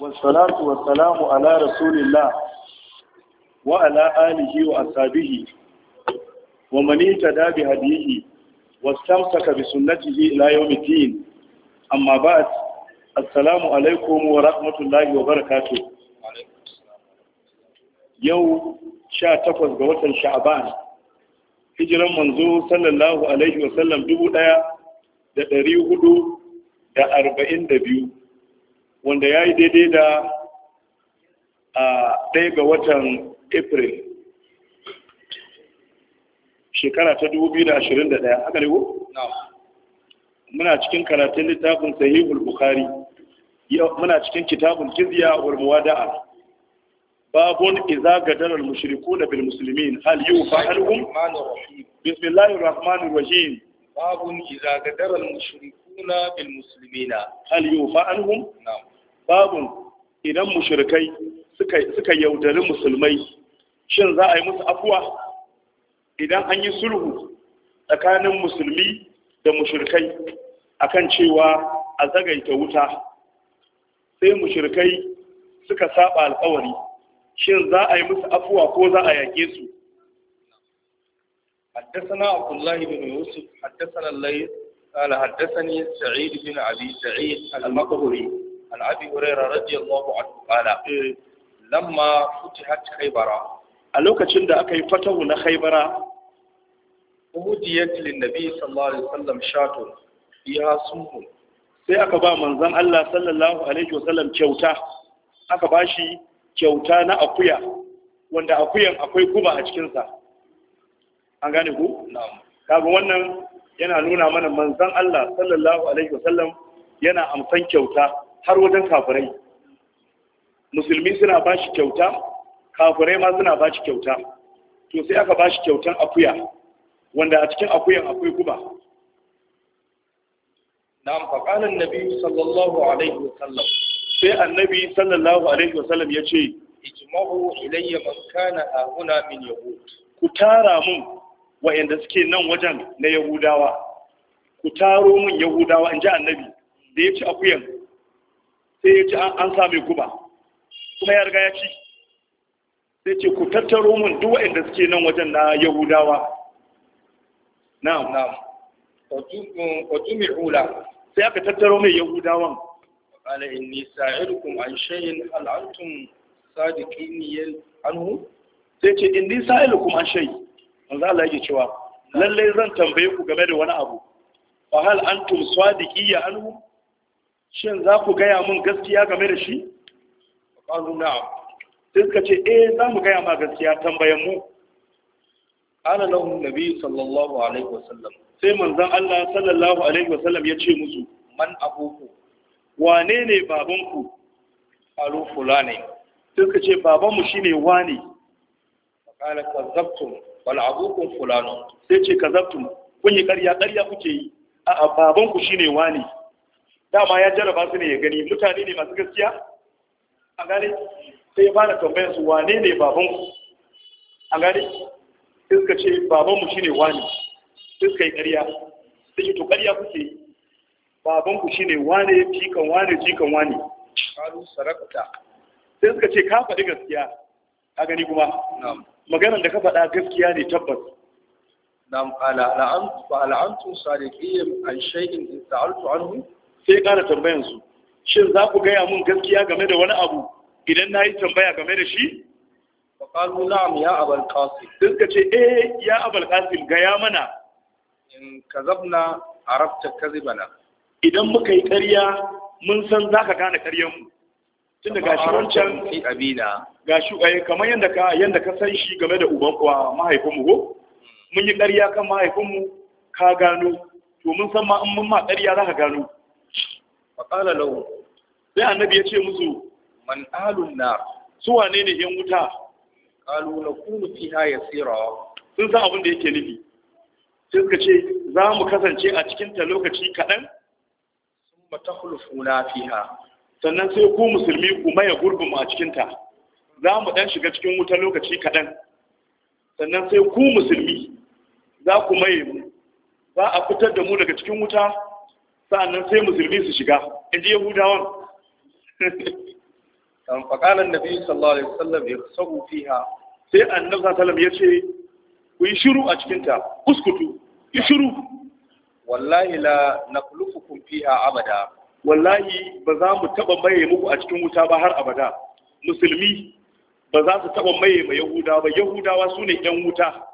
والصلاة والسلام على رسول الله وعلى آله وأصحابه ومن اهتدى بهديه واستمسك بسنته إلى يوم الدين أما بعد السلام عليكم ورحمة الله وبركاته يوم sha takwas ga watan sha'aban hijiran manzo sallallahu alaihi wasallam dubu ɗaya da ɗari hudu da arba'in da biyu wanda ya yi daidai da a ɗaya ga watan april shekara ta 2021 aka ne muna cikin karatun littafin sahihul bukhari muna cikin kitabun jizya wal muwada'a babun idza gadara al mushrikuuna bil muslimin hal yufa alhum bismillahir rahmanir rahim babun idza gadara al na bil muslimina hal fa alhum na'am babun idan mushrikai suka yaudari musulmai shin za a yi musu afuwa idan an yi sulhu tsakanin musulmi da mushrikai akan cewa a zagaita wuta sai mushrikai suka saba alkawari shin za a yi musu afuwa ko za a yake su حدثنا عبد الله بن يوسف حدثنا الليل قال حدثني سعيد بن ابي سعيد المقبري عن أبي هريرة رضي الله عنه قال لما فتحت خيبرة a lokacin da aka yi fatahu na khaibara uhudiyat linnabi sallallahu alaihi wasallam shatun ya sunhu sai aka ba manzon Allah sallallahu alaihi wasallam kyauta aka bashi kyauta na akuya wanda akuyan akwai guba a cikin sa an gane ku na'am kaga wannan yana nuna mana manzon Allah sallallahu alaihi wasallam yana amfan kyauta har wajen kafirai musulmi suna ba shi kyauta kafirai ma suna ba shi kyauta to sai aka ba shi kyautan akuya wanda a cikin akuyan akwai guba na'am faqalan nabi sallallahu alaihi wasallam sai annabi sallallahu alaihi wasallam yace ijma'u ilayya man kana ahuna min yahud ku tara mun wa'anda suke nan wajen na yahudawa ku taro mun yahudawa in ji annabi da ya ci akuyan sai ya ci an sa mai guba kuma ya riga ya ci sai ce ku tattaro mun duk waɗanda suke nan wajen na yahudawa na'am na'am wajumi hula sai aka tattaro mai yahudawan ala inni sa'ilukum an shay'in hal antum sadiqin anhu sai ce inni sa'ilukum an shay'in manzo Allah yake cewa lalle zan tambaye ku game da wani abu fa hal antum sadiqiyya anhu shin za ku gaya mun gaskiya game da shi qalu na sai suka ce eh za mu gaya ma gaskiya tambayan mu qala lahum nabi sallallahu alaihi wasallam sai manzon Allah sallallahu alaihi wasallam ya ce musu man abuku wane ne babanku qalu fulani sai suka ce babanmu shine wani qala kazzabtum wal abukum fulano sai ce kazzabtum kun yi ƙarya ƙarya kuke yi a'a babanku shine wani dama ya jarraba su ne ya gani mutane ne masu gaskiya a gane sai ya fara tambayar su wane ne baban ku a gane iska suka ce baban mu shine wani Iska suka yi ƙarya sai yi to ƙarya kuke baban ku shine wane jikan wane jikan wane karu sarakuta sai suka ce ka faɗi gaskiya a gani kuma maganar da ka faɗa gaskiya ne tabbas نعم على أنتم an عن شيء سألت عنه sai ya ƙara tambayan su shin za ku gaya mun gaskiya game da wani abu idan na yi tambaya game da shi faƙalu na'am ya abal qasim duk ka ce eh ya abal qasim gaya mana in kazabna arabta kazibana idan muka yi ƙarya mun san za ka gane ƙaryan mu tun da gashi wancan gashi eh kamar yadda ka yanda ka san shi game da uban kuwa mahaifinmu ko hmm. mun yi ƙarya kan mahaifinmu ka gano to mun san ma in mun ma ƙarya za ka gano faƙala lau sai annabi ya ce musu man alun na su wane ne yan wuta kalu na kunu fiha yasira sun san abin da yake nufi sai suka ce za mu kasance a cikin ta lokaci kaɗan sun matakhulufuna fiha sannan sai ku musulmi ku maye gurbin mu a cikin ta za mu dan shiga cikin wuta lokaci kaɗan sannan sai ku musulmi za ku maye mu za a fitar da mu daga cikin wuta sa'annan sai musulmi su shiga in ji yahudawan kan faƙalar nabi sallallahu alaihi wasallam ya sabu fiha sai annabi sallallahu alaihi ya ce ku yi shiru a cikinta kuskutu, yi shiru wallahi la nakhlufukum fiha abada wallahi ba za mu taba maye muku a cikin wuta ba har abada musulmi ba za su taba maye ma yahudawa ba yahudawa su ne yan wuta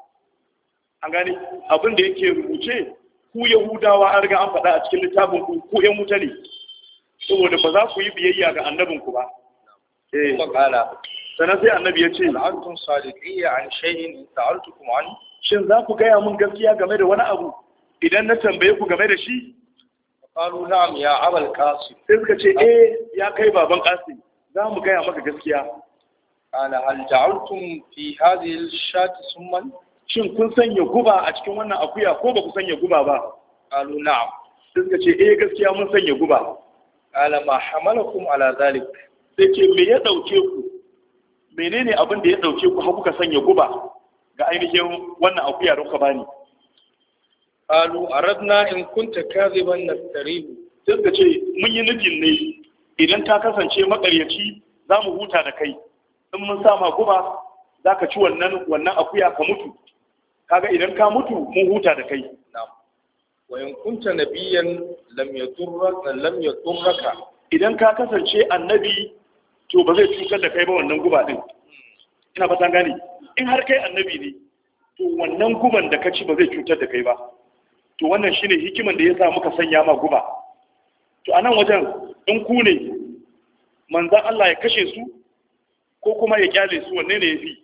an gane abin da yake rubuce ku yahudawa an riga an faɗa a cikin littafin ku ku yan wuta ne saboda ba za ku yi biyayya ga annabin ku ba eh sannan sai annabi ya ce antum sadiqiyya an shay'in sa'altukum an shin za ku gaya mun gaskiya game da wani abu idan na tambaye ku game da shi qalu na'am ya abal qasim sai suka ce eh ya kai baban qasim za mu gaya maka gaskiya qala hal ja'altum fi hadhihi al-shati summan shin kun sanya guba a cikin wannan akuya ko ba ku sanya guba ba Alu na'am sai suka ce eh gaskiya mun sanya guba qala ma hamalakum ala zalik sai ce me ya dauke ku menene abin da ya dauke ku har kuka sanya guba ga ainihin wannan akuya da kuka bani qalu aradna in kunta kaziban nastaribu sai suka ce mun yi nufin ne idan ta kasance makaryaci za mu huta da kai in mun sama guba za ka ci wannan akuya ka mutu kaga idan ka mutu mun huta da kai wayan kunta nabiyan lam yadurraka lam yadurraka idan ka kasance annabi to ba zai cutar da kai ba wannan guba din ina fatan gani in har kai annabi ne to wannan guban da ka ci ba zai cutar da kai ba to wannan shine hikiman da ya sa muka sanya ma guba to anan wajen in ku ne manzan Allah ya kashe su ko kuma ya kyale su wanne ne fi?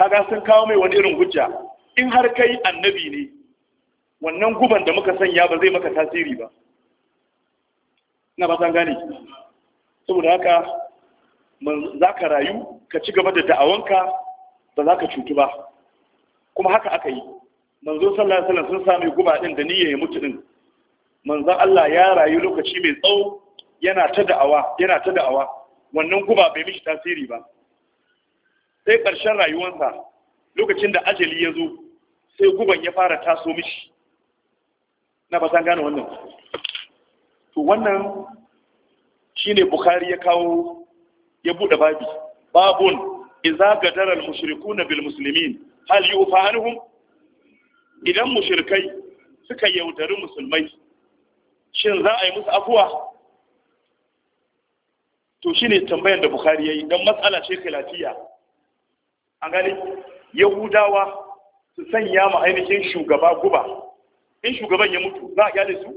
kaga sun kawo mai wani irin hujja in har kai annabi ne wannan guban da muka sanya ba zai maka tasiri ba ina ba san gane saboda haka za ka rayu ka ci gaba da da'awanka ba za ka cutu ba kuma haka aka yi manzo sallallahu alaihi wasallam sun sami guba din da niyyar ya mutu din manzo Allah ya rayu lokaci mai tsawo yana ta da'awa yana ta da'awa wannan guba bai mishi tasiri ba sai ƙarshen rayuwansa lokacin da ajali ya zo sai guban ya fara taso mishi na ba san gane wannan to wannan shine bukhari ya kawo ya buɗe babi babun idza gadara al-mushrikuna bil muslimin hal yufa idan mushrikai suka yaudari musulmai shin za a yi musu afuwa to shine tambayar da bukhari yayi dan matsala ce lafiya. an gani yahudawa su sanya ma ainihin shugaba guba in shugaban ya mutu za a kyale su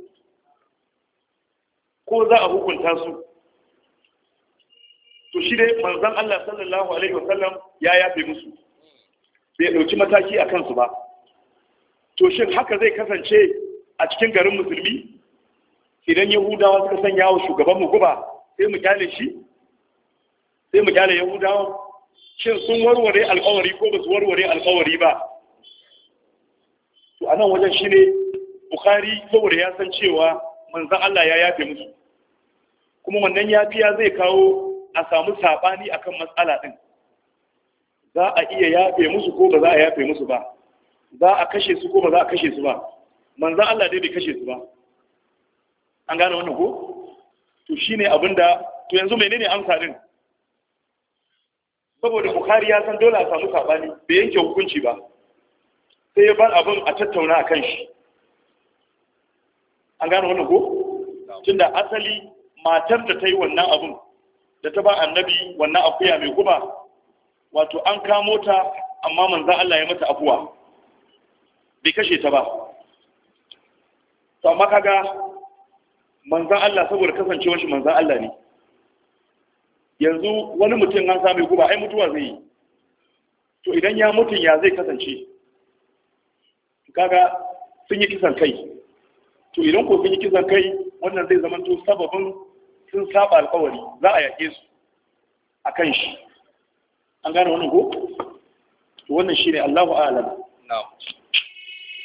ko za a hukunta su to shi dai manzon Allah sallallahu alaihi wasallam ya yafe musu bai dauki mataki a kansu ba to shin haka zai kasance a cikin garin musulmi idan yahudawa suka sanya wa shugaban mu guba sai mu kyale shi sai mu kyale yahudawa shin sun warware alƙawari ko ba su warware alƙawari ba to anan wajen shi ne bukari saboda ya san cewa manzan Allah ya yafe musu kuma wannan yafiya zai kawo a samu saɓani akan matsala din. za a iya yafe musu ko ba za a yafe musu ba za a kashe su ko ba za a kashe su ba manzan Allah dai bai kashe su ba an gane wannan ko to shine abinda to yanzu menene amsa din saboda bukari ya san dole a samu saɓani bai yanke hukunci ba sai ya bar abin a tattauna a kan shi an gano wannan ko tunda asali matar da ta yi wannan abin da ta ba annabi wannan akuya mai guba wato an kamo ta amma manzan Allah ya mata afuwa bai kashe ta ba to amma kaga manzan Allah saboda kasancewar shi manzan Allah ne yanzu wani mutum an sami guba ai mutuwa zai yi to idan ya mutum ya zai kasance kaga sun yi kisan kai to idan ko sun yi kisan kai wannan zai zama to sababin sun saba alkawari za a yaƙe su a kan shi an gane wannan ko to wannan shine Allahu a'lam na'am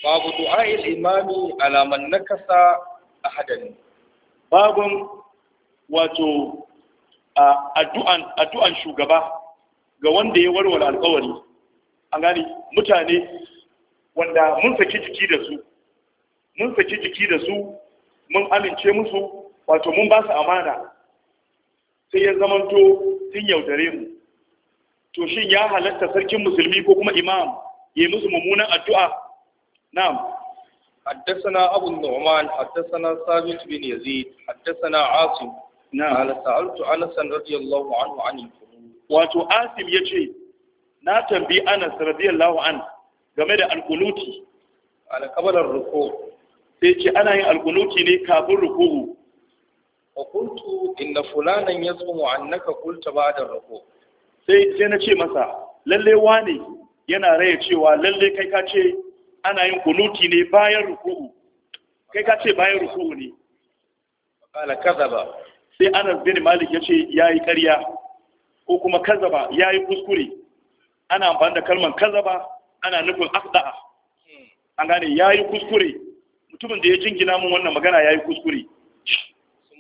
babu du'a'il imami ala man nakasa ahadan babun wato addu'an shugaba ga wanda ya warware alkawari an gani mutane wanda mun saki jiki da su mun saki jiki da su mun amince musu wato mun ba su amana sai ya zamanto sun yaudare mu to shin ya halatta sarkin musulmi ko kuma imam ya yi musu mummunan addu'a na'am حدثنا أبو النعمان حدثنا ثابت بن يزيد حدثنا عاصم na alasa'altu anasan radiyallahu anhu an wato asim ya ce na tambi anas radiyallahu an game da alkunuti alkabalar ruku sai ce ana yin alkunuti ne kafin ruku wa kuntu inna fulanan yasumu annaka qulta ba'da ruku sai ce na ce masa lalle ne, yana raya cewa lalle kai ka ce ana yin kunuti ne bayan ruku kai ka ce bayan ruku ne kala kadaba sai anas bin malik ya ce ya yi karya ko kuma kazaba ya yi kuskure ana amfani da kalmar kazaba ana nufin akda'a an gane ya yi kuskure mutumin da ya jingina mun wannan magana ya yi kuskure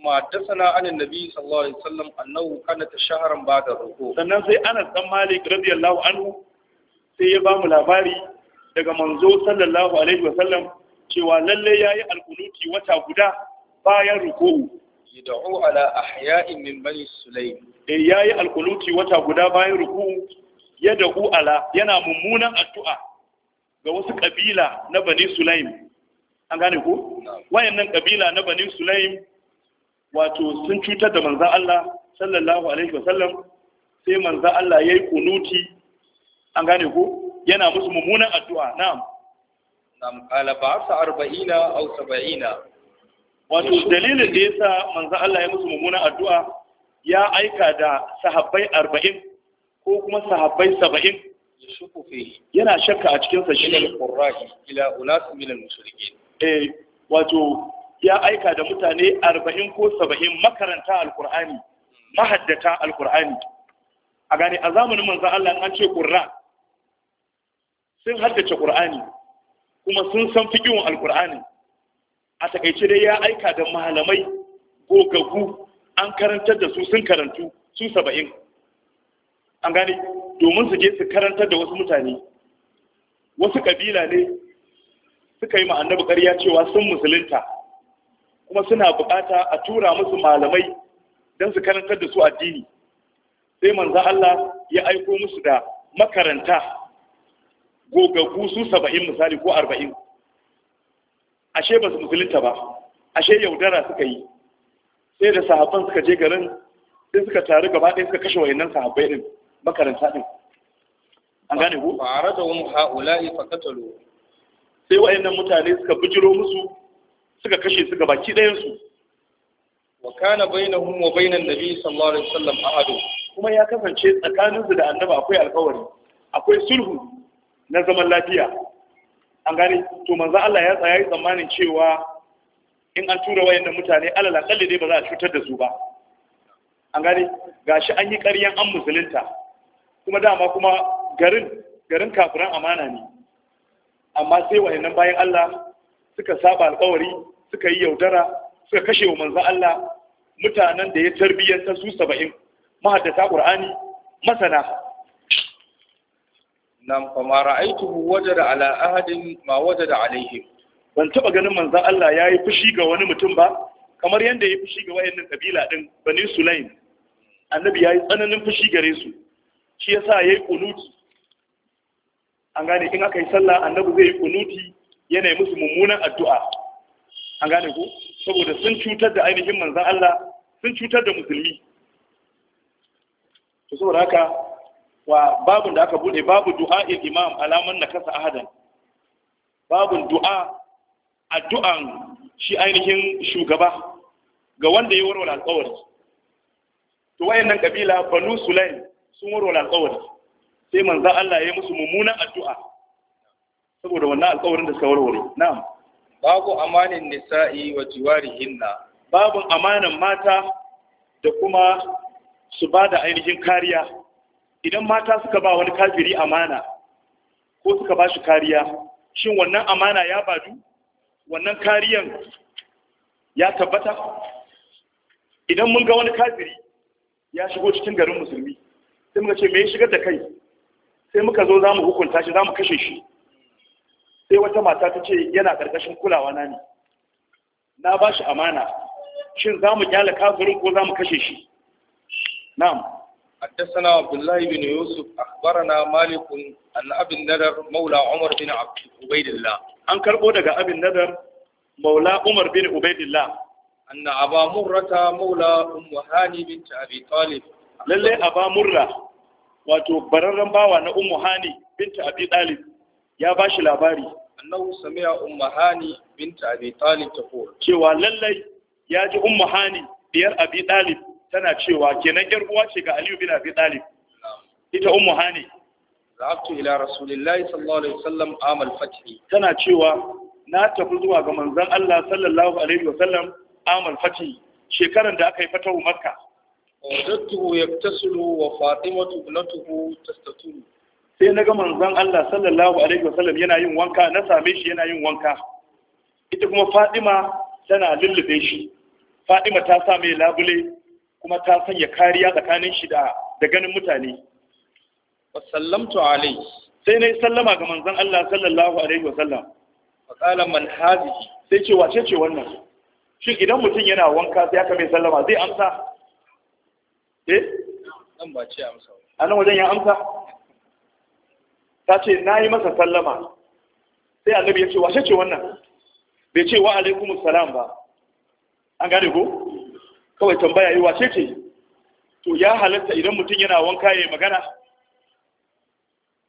ma dasana anin nabi sallallahu alaihi wasallam annahu kana tashaharan ba da ruku sannan sai anas dan malik radiyallahu anhu sai ya bamu labari daga manzo sallallahu alaihi wasallam cewa lalle yayi alkunuti wata guda bayan ruku'u yad'u ala ahya'in min bani sulaym eh yayi alquluti wata guda bayan ruku yad'u ala yana mummunan addu'a ga wasu kabila na bani sulaym an gane ko wayannan kabila na bani sulaym wato sun cutar da manzon Allah sallallahu alaihi wasallam sai manzon Allah yayi kunuti an gane ko yana musu mummunan addu'a na'am nam qala ba'sa arba'ina aw saba'ina wato dalilin da yasa manzo Allah ya musu mummunan addu'a ya aika da sahabbai 40 ko kuma sahabbai 70 yashuku fi yana shakka a cikin sa shi al ila ulas min al-mushrikin eh wato ya aika da mutane 40 ko 70 makaranta al-qur'ani mahaddata al-qur'ani a gani, a zamanin manzo Allah an ce qurra sun haddace qur'ani kuma sun san fiqhin al-qur'ani a takaice dai ya aika da malamai gogaggu an karantar da su sun karantu su saba'in an gane domin su je su karantar da wasu mutane wasu kabila ne suka yi ma annabi ƙarya cewa sun musulunta kuma suna bukata a tura musu malamai don su karantar da su addini sai manza Allah ya aiko musu da makaranta gogaggu su saba'in misali ko arba'in ashe ba su musulunta ba ashe yaudara suka yi sai da sahabban suka je garin sai suka taru gaba ɗaya suka kashe wayannan sahabbai din makaranta din an gane ku fara da wani ha'ula'i fakatalu sai wayannan mutane suka bijiro musu suka kashe su gaba ki ɗayan su wa kana bainahum wa bainan nabi sallallahu alaihi wasallam ahadu kuma ya kasance tsakaninsu da annaba akwai alƙawari akwai sulhu na zaman lafiya an gane to manzo Allah ya tsaya yi tsammanin cewa in an tura wayannan mutane alal akalli dai ba za a cutar da su ba an gane gashi an yi ƙaryan an musulunta kuma dama kuma garin garin kafiran amana ne amma sai wayannan bayan Allah suka saba alƙawari suka yi yaudara suka kashe wa manzo Allah mutanen da ya ta su 70 mahaddata Qur'ani masana nam fa ma ra'aytuhu wajada ala ahadin ma wajada alaihim ban taba ganin manzon Allah yayi fushi ga wani mutum ba kamar yanda yayi fushi ga wayannan kabila din bani sulaim annabi yayi tsananin fushi gare su shi yasa yayi kunuti an gane in aka yi sallah annabi zai yi kunuti yana musu mummunan addu'a an gane ko saboda sun cutar da ainihin manzon Allah sun cutar da musulmi to saboda haka wa babun da aka bude babu du'a'il imam alaman nakasa ahadan babun du'a addu'an shi ainihin shugaba ga wanda ya warware alƙawari to wayannan kabila banu sulaim sun warware alƙawari sai manzo Allah ya musu mummunan addu'a saboda wannan alƙawarin da suka warware na'am babu amanin nisa'i wa jiwarihinna babun amanan mata da kuma su ba da ainihin kariya idan mata suka ba wani kafiri amana ko suka ba shi kariya shin wannan amana ya badu wannan kariyan ya tabbata idan mun ga wani kafiri ya shigo cikin garin musulmi sai muka ce me ya shigar da kai sai muka zo za mu hukunta shi za mu kashe shi sai wata mata ta ce yana ƙarƙashin kulawa na ne na ba shi amana shin za mu kyala kafirin ko za mu kashe shi na'am حدثنا عبد الله بن يوسف أخبرنا مالك عن أبي النذر مولى عمر بن عبيد الله أن كربو دقى أبي النذر مولى عمر بن عبيد الله أن أبا مرة مولى أم هاني بنت أبي طالب للي أبا مرة wato bararren bawa na ummu hani binta abi talib ya ba shi labari annahu sami'a ummu hani binta abi talib ta cewa lallai ya ji ummu hani diyar abi talib tana cewa kenan yar uwa ce ga Aliyu bin Abi Talib ita ummu hani zahabtu ila rasulillahi sallallahu alaihi wasallam amal Fatih. tana cewa na tafi zuwa ga manzon Allah sallallahu alaihi wasallam amal Fatih, shekaran da aka yi fatahu makka wajadtuhu yaktasilu wa fatimatu ibnatuhu tastatiru sai naga manzon Allah sallallahu alaihi wasallam yana yin wanka na same shi yana yin wanka ita kuma Fatima tana lullube shi Fatima ta sa mai labule kuma ta sanya kariya tsakanin shi da ganin mutane wa sallamtu alai sai na yi sallama ga manzan Allah sallallahu alaihi wa sallam wa qala sai ce wace ce wannan shin idan mutum yana wanka sai aka mai sallama zai amsa eh dan ba ce amsa anan wajen ya amsa ta ce na yi masa sallama sai annabi ya ce wace ce wannan bai ce wa alaikumus salam ba an gane ko kawai tambaya yi wace ce to ya halatta idan mutum yana wanka ya yi magana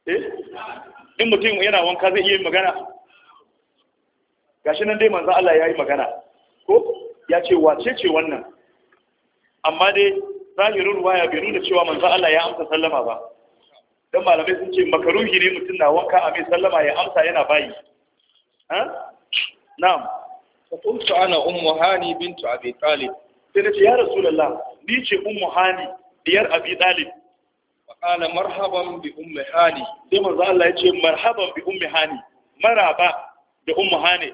eh in mutum yana wanka zai iya yin magana gashi nan dai manzo Allah ya yi magana ko ya ce wace ce wannan amma dai zahirin ruwaya bai nuna cewa manzo Allah ya amsa sallama ba dan malamai sun ce makaruhi ne mutum na wanka a mai sallama ya amsa yana bayi ha na'am fa kuntu ana ummu hani bintu abi talib sai da ce ya rasulullah ni ce ummu hani diyar abi dalib qala marhaban bi ummi hani sai manzo Allah ya ce marhaban bi ummi hani maraba da ummu hani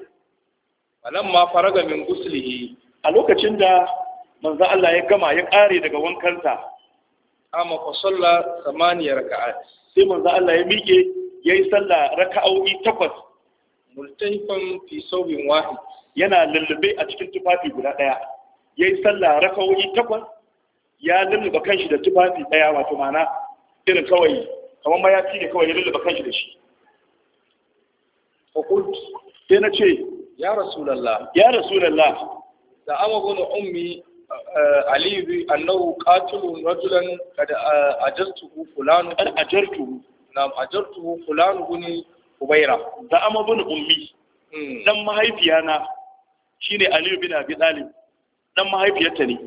falamma faraga min guslihi a lokacin da manzo Allah ya gama ya kare daga wankansa amma fa salla samaniya raka'at sai manzo Allah ya miƙe yayi sallah raka'o'i takwas multahifan fi sawbin wahid yana lullube a cikin tufafi guda ɗaya. ya yi sallah rakawoyi takwas ya lulluba kanshi da tufafi ɗaya wato mana irin kawai kamar mayafi ne kawai ya lulluba kanshi da shi fakult sai na ce ya rasulallah ya rasulallah da ama gona ummi eh, aliyu annahu qatilun rajulan Kada, eh, ajartuhu fulanu Kada ajartuhu nam ajartuhu fulanu guni ubaira da amma gona ummi hmm. dan mahaifiya na shine aliyu bin abi talib dan mahaifiyarta ne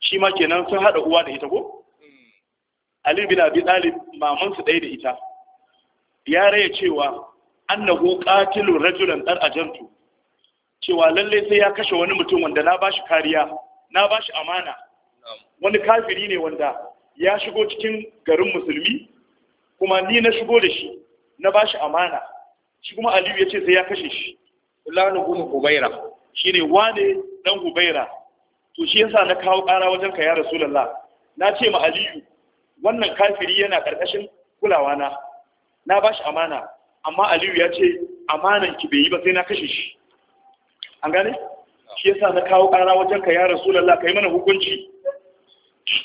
shi ma kenan sun haɗa uwa da ita ko Ali bin Abi Talib maman su ɗaya da ita ya raya cewa annahu qatilu rajulan dar ajantu cewa lalle sai ya kashe wani mutum wanda na bashi kariya na bashi amana wani kafiri ne wanda ya shigo cikin garin musulmi kuma ni na shigo da shi na bashi amana shi kuma Aliyu ya ce sai ya kashe shi Fulani Hubaira shine wane dan Hubaira to shi yasa na kawo ƙara wajen ka ya rasulullah na ce ma aliyu wannan kafiri yana ƙarƙashin kulawa na na ba shi amana amma aliyu ya ce amanan ki bai yi ba sai na kashe shi an gane shi yasa na kawo ƙara wajen ka ya rasulullah kai mana hukunci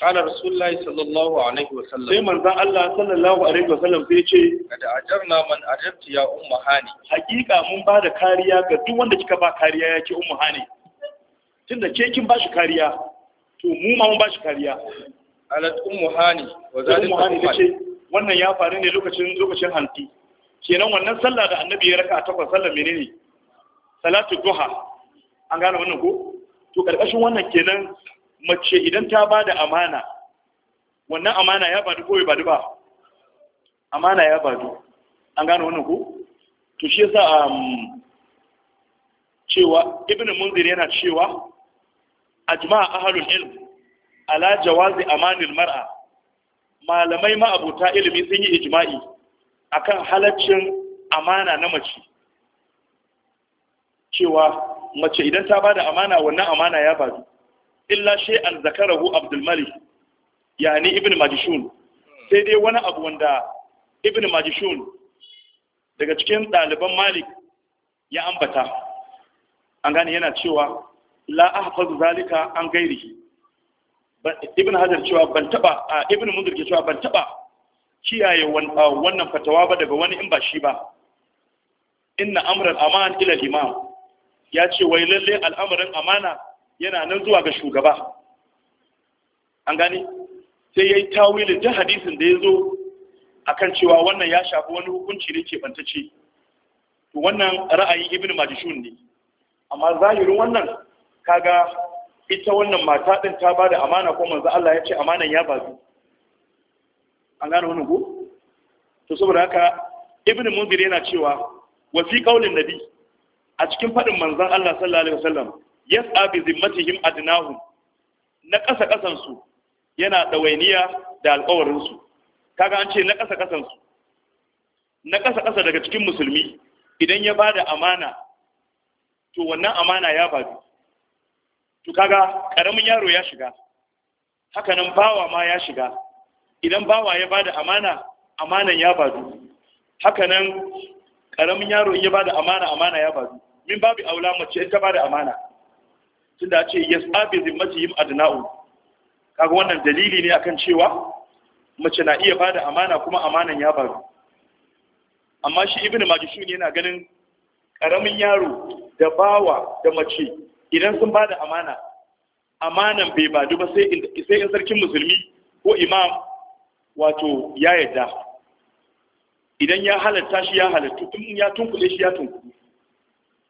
قال رسول الله صلى الله عليه وسلم sai manzon Allah sallallahu alaihi wasallam sai ce kada ajarna man ajabti ya ummu hani hakika mun ba da kariya ga duk wanda kika ba kariya yake ummu hani tunda ke ba shi kariya to mu ma mun shi kariya alat ummu hani wa zalim hani ce wannan ya faru ne lokacin lokacin hanti kenan wannan sallah da annabi ya raka a takwas sallah menene salatu duha an gane wannan ko to karkashin wannan kenan mace idan ta bada amana wannan amana ya badu ko bai badu ba amana ya badu an gane wannan ko to shi yasa um, cewa ibnu munzir yana cewa ajma ahlul ilm ala jawazi amanil mar'a malamai ma'abuta ilimi sun yi ijma'i akan halaccin amana na mace cewa mace idan ta bada amana wannan amana ya bazu illa shay'an zakarahu abdul malik yani ibn majishun sai dai wani abu wanda ibn majishun daga cikin ɗaliban malik ya ambata an gane yana cewa la ahfazu zalika an gairihi ibn hajar cewa ban taba ibn mundur ke cewa ban taba kiyaye wannan fatawa ba daga wani in ba shi ba inna amran aman ila imam ya ce wai lalle al'amarin amana yana nan zuwa ga shugaba an gani sai yayi tawilin ta hadisin da ya yazo akan cewa wannan ya shafi wani hukunci ne ke bantace to wannan ra'ayi ibn majishun ne amma zahirin wannan kaga ita wannan mata din ta bada amana ko manzo Allah ya ce amanan ya bazu an gane wannan ko to saboda haka ibnu mundir yana cewa wa fi qaulin nabi a cikin fadin manzon Allah sallallahu alaihi wasallam yas'a bi zimmatihim adnahum na kasan su yana ɗawainiya da alƙawarin su kaga an ce na kasa-kasan su na kasa-kasa daga cikin musulmi idan ya ba da amana to wannan amana ya bazu to kaga karamin yaro ya shiga hakanan bawa ma ya shiga idan bawa ya bada amana amanan ya badu hakanan karamin yaro in ya bada amana amana ya badu min babu aula mace in ta bada amana tunda ce yas'abi zimmatihim adna'u kaga wannan dalili ne akan cewa mace na iya bada amana kuma amanan ya badu amma shi ibnu majishun yana ganin karamin yaro da bawa da mace idan sun ba da amana amanan bai ba duba sai in sarkin musulmi ko imam wato ya yadda idan ya halatta shi ya halattu in ya tunkule shi ya tunkule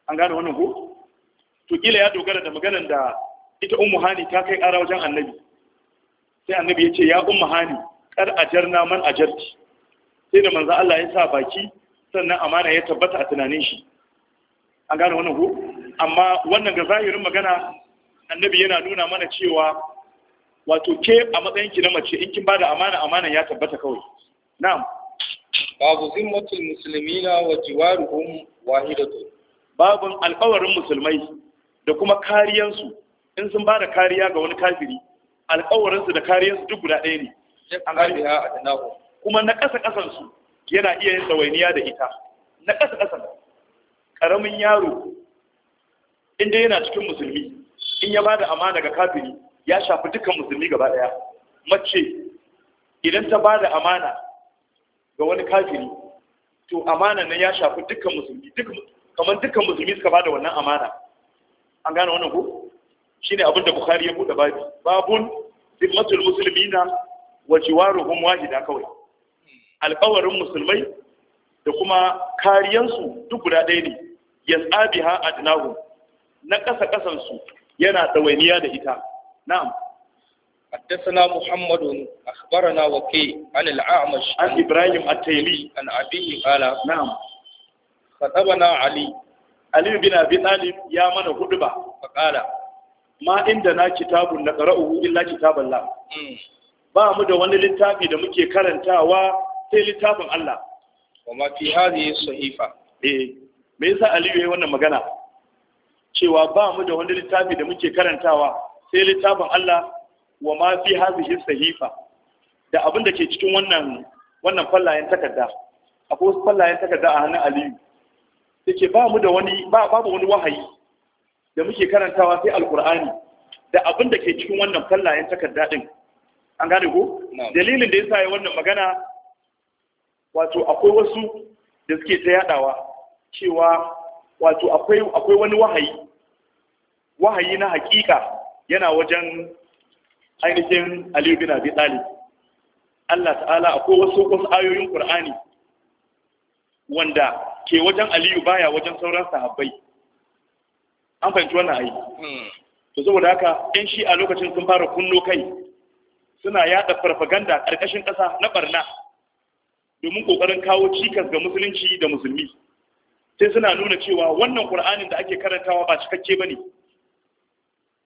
an gane wannan ko to kila ya dogara da maganar da ita ummu hani ta kai ƙara wajen annabi sai annabi ya ce ya ummu hani kar na man ajarti sai da manzo Allah ya sa baki sannan amana ya tabbata a tunanin shi an gane wannan ko amma wannan ga zahirin magana annabi yana nuna mana cewa wato ke a matsayin ki na mace in kin bada amana amana ya tabbata kawai na'am babu zimmatul muslimina wa jiwaruhum wahidatu babun alƙawarin musulmai da kuma kariyansu in sun bada kariya ga wani kafiri su da kariyansu duk guda ɗaya ne kuma na ƙasa ƙasansu yana iya yin tsawainiya da ita na ƙasa ƙasan ƙaramin yaro Inda yana cikin musulmi in ya bada amana ga kafiri ya shafi dukkan musulmi gaba daya mace idan ta bada amana ga wani kafiri to amana nan ya shafi dukkan musulmi kamar dukkan musulmi suka bada wannan amana an gane wannan ko shine abin da bukhari ya buɗe babi babun zimmatul muslimina wa jiwaruhum wahida kawai alƙawarin musulmai da kuma kariyansu duk guda ɗaya ne yas'abiha adnahu na ƙasa ƙasansu yana ɗawainiya da ita na'am حدثنا محمد أخبرنا وكي عن الأعمش عن إبراهيم التيمي عن أبيه قال نعم خطبنا علي علي بن أبي طالب يا من خطبة فقال ما عندنا كتاب نقرأه إلا كتاب الله ba mu da wani littafi da muke karantawa sai littafin Allah wa ma fi hadhihi sahifa eh me yasa Aliyu yayi wannan magana cewa ba mu da wani littafi da muke karantawa sai littafin Allah wa ma fi hadhihi sahifa da abin da ke cikin wannan wannan fallayen takarda akwai wasu fallayen takarda a hannun Aliyu yake ba mu da wani ba babu wani wahayi da muke karantawa sai alqur'ani da abin da ke cikin wannan fallayen takarda din an gane ko dalilin da yasa yi wannan magana wato akwai wasu da suke ta yadawa cewa wato akwai wani wahayi wahayi na hakika yana wajen ainihin aliyu bin abi talib Allah ta'ala akwai wasu wasu ayoyin qur'ani wanda ke wajen aliyu baya wajen sauran sahabbai an fahimci wannan ayi hmm. to saboda haka yan shi a lokacin sun fara kunno kai suna yada farfaganda ƙarƙashin ƙasa na barna domin ƙoƙarin kawo cikas ga musulunci da musulmi sai suna nuna cewa wannan ƙur'anin da ake karantawa ba cikakke ba ne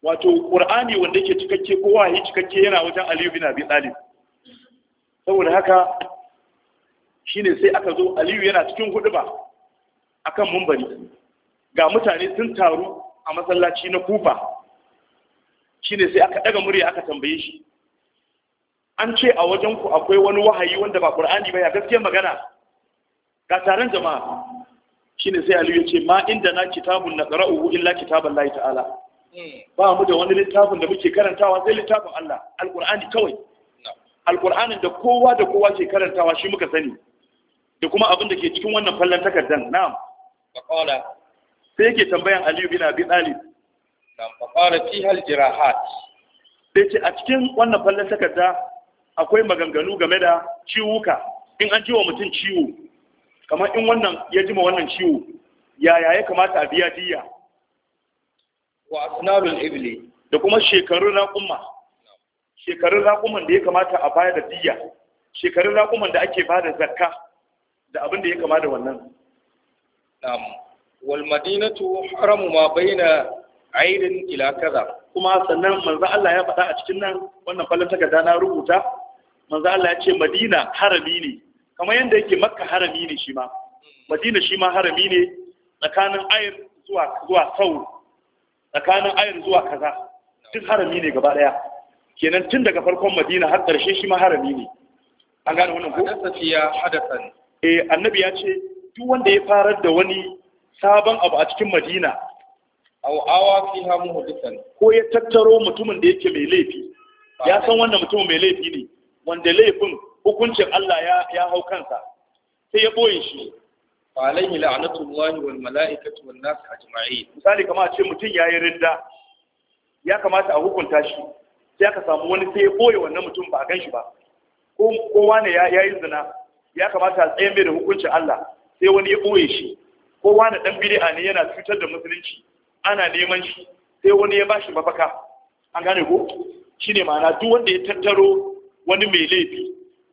wato ƙur'ani wanda yake cikakke ko wahayi cikakke yana wajen aliyu bin abi talib saboda haka shine sai aka zo aliyu yana cikin a akan mumbari ga mutane sun taru a masallaci na kufa shine sai aka daga murya aka tambaye shi an ce a wajen ku akwai wani wahayi wanda ba qur'ani ba ya gaskiya magana ga taron jama'a shine sai aliyu ya ce ma inda na kitabun naqra'uhu illa kitaballahi ta'ala ba mu da wani littafin da muke karantawa sai littafin Allah alqur'ani kawai alqur'anin da kowa da kowa ke karantawa shi muka sani da kuma abin da ke cikin wannan fallan takardan na'am faqala sai yake tambayan Aliyu bin Abi Talib na'am faqala fi hal jirahat sai ce a cikin wannan fallan takarda akwai maganganu game da ciwuka in an ji wa mutum ciwo kamar in wannan ya ji ma wannan ciwo yaya ya kamata a biya diya wa asnarul ibli da kuma shekarun raƙuma shekarun raƙuman da ya kamata a bayar da diyya shekarun raƙuman da ake ba da zakka da abin da ya kama da wannan na'am wal madinatu haramu ma baina aidin ila kaza kuma sannan manzo Allah ya faɗa a cikin nan wannan fallan takarda na rubuta manzo Allah ya ce Madina harami ne kamar yadda yake Makka harami ne shi ma hmm. Madina shi ma harami ne tsakanin Ayr zuwa zuwa Saur tsakanin ayar zuwa kaza duk harami ne gaba daya kenan tun daga farkon madina har ƙarshe shi ma harami ne an gane wannan ko hadasa hadasan eh annabi ya ce duk wanda ya farar da wani sabon abu a cikin madina aw awa fiha muhdisan ko ya tattaro mutumin da yake mai laifi ya san wannan mutumin mai laifi ne wanda laifin hukuncin Allah ya ya hau kansa sai ya boye shi alaihi la'natullahi wal mala'ikatu wan nas ajma'in misali kamar a ce mutum yayi ridda ya kamata a hukunta shi sai aka samu wani sai ya boye wannan mutum ba a gan shi ba ko kowa ne ya yi zina ya kamata a tsaye mai da hukuncin Allah sai wani ya boye shi kowa ne dan bid'a ne yana cutar da musulunci ana neman shi sai wani ya bashi mafaka an gane ko shine ma'ana duk wanda ya tattaro wani mai laifi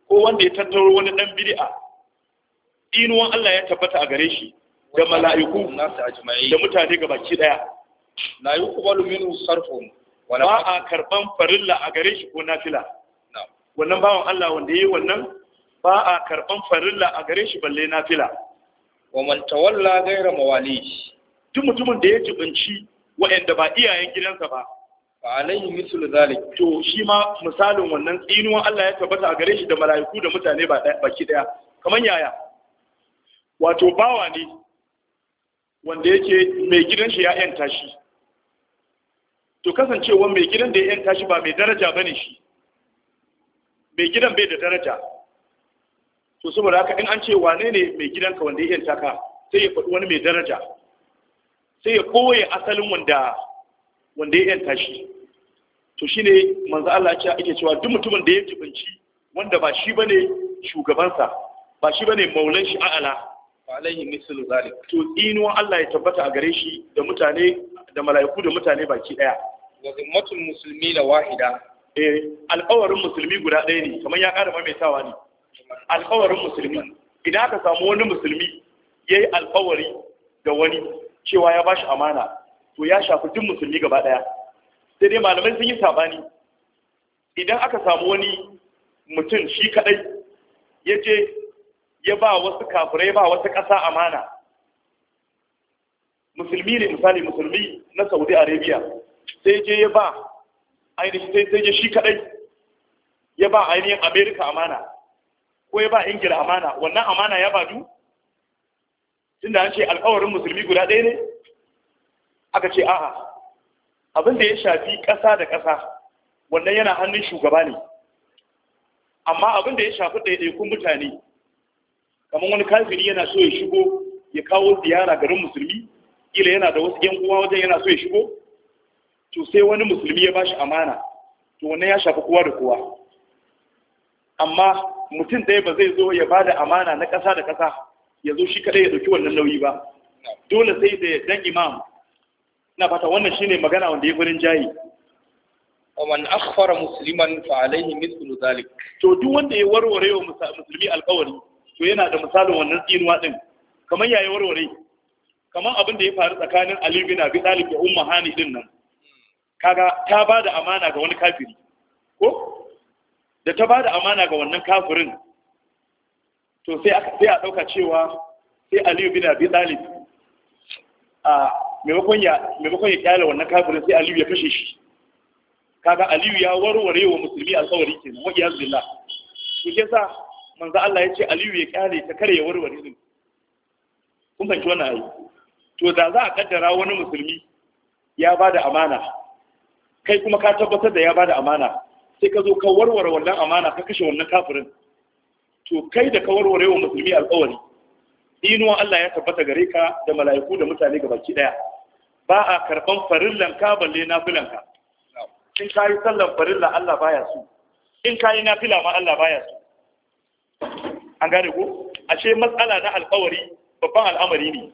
ko wanda ya tattaro wani dan bid'a inuwan Allah ya tabbata a gare shi da mala'iku da mutane ga baki Na yi yuqbalu minhu sarfon wani ba a karɓan farilla a gare shi ko nafila wannan bawan Allah wanda yi wannan ba a karɓan farilla a gare shi balle nafila wa mantawalla gaira mawali duk mutumin da ya jibinci wa'anda ba iyayen gidansa ba fa alayhi mislu zalik to shi ma misalin wannan tsinuwan Allah ya tabbata a gare shi da mala'iku da mutane ba baki ɗaya kamar yaya wato bawa ne wanda yake mai gidan shi ya yanta shi to kasancewa mai gidan da ya yanta shi ba mai daraja bane shi mai gidan bai da daraja to saboda haka in an ce wane ne mai gidanka wanda ya yanta ka sai ya faɗi wani mai daraja sai ya koye asalin wanda wanda ya yanta shi to shine manzo Allah ya ce cewa duk mutumin da ya jibinci wanda ba shi bane shugabansa ba shi bane maulan shi a'ala alaihi mislu zalik to inuwan Allah ya tabbata a gare shi da mutane da mala'iku da mutane baki daya wa zimmatul muslimi la wahida eh alƙawarin musulmi guda ɗaya ne kamar ya ƙara tawa ne alƙawarin musulmi idan aka samu wani musulmi yayi alƙawari da wani cewa ya bashi amana to ya shafi duk musulmi gaba ɗaya sai dai malamai sun yi sabani idan aka samu wani mutum shi kadai ya je ya ba wasu kafirai ba wata ƙasa amana musulmi ne misali musulmi na saudi arabia sai je ya ba ainihin sai sai je shi kadai ya ba ainihin america amana ko ya ba ingila amana wannan amana ya ba tun tunda an ce alkawarin musulmi guda ɗaya ne aka ce a'a abin da ya shafi ƙasa da ƙasa wannan yana hannun shugaba ne amma abin da ya shafi ɗaiɗaikun mutane kamar wani kafiri yana so ya shigo ya kawo ziyara garin musulmi kila yana da wasu 'yan uwa wajen yana so ya shigo to sai wani musulmi ya bashi amana to wani ya shafi kowa da kowa amma mutum ɗaya ba zai zo ya ba da amana na ƙasa da ƙasa ya zo shi kaɗai ya ɗauki wannan nauyi ba dole sai da dan imam na fata wannan shine magana wanda ya gurin jayi ومن أخفر مسلما فعليه مثل ذلك to duk wanda ya warware wa musulmi alƙawari to yana da misalin wannan tsinuwa din kamar yayi warware kamar abin da ya faru tsakanin Ali bin Abi Talib da Ummu Hani din nan kaga ta bada amana ga wani kafiri ko da ta bada amana ga wannan kafirin to sai aka sai a dauka cewa sai Ali bin Abi Talib a maimakon ya maimakon ya kyale wannan kafirin sai Ali ya kashe shi kaga aliyu ya warware wa musulmi alƙawari kenan wa iyaz billah to ke manzo Allah ya ce Aliyu ya kyale ta kare warware din kun fahimci wannan ayi to da za a kaddara wani musulmi ya bada amana kai kuma ka tabbatar da ya bada amana sai ka zo ka warware wannan amana ka kashe wannan kafirin to kai da ka warware wa musulmi alƙawari inuwa Allah ya tabbata gare ka da mala'iku da mutane gabaki daya ba a karban farillan ka balle nafilan ka in yi sallan farilla Allah baya so in kayi nafila ma Allah baya so an gane ko ashe matsala na alkawari babban al'amari ne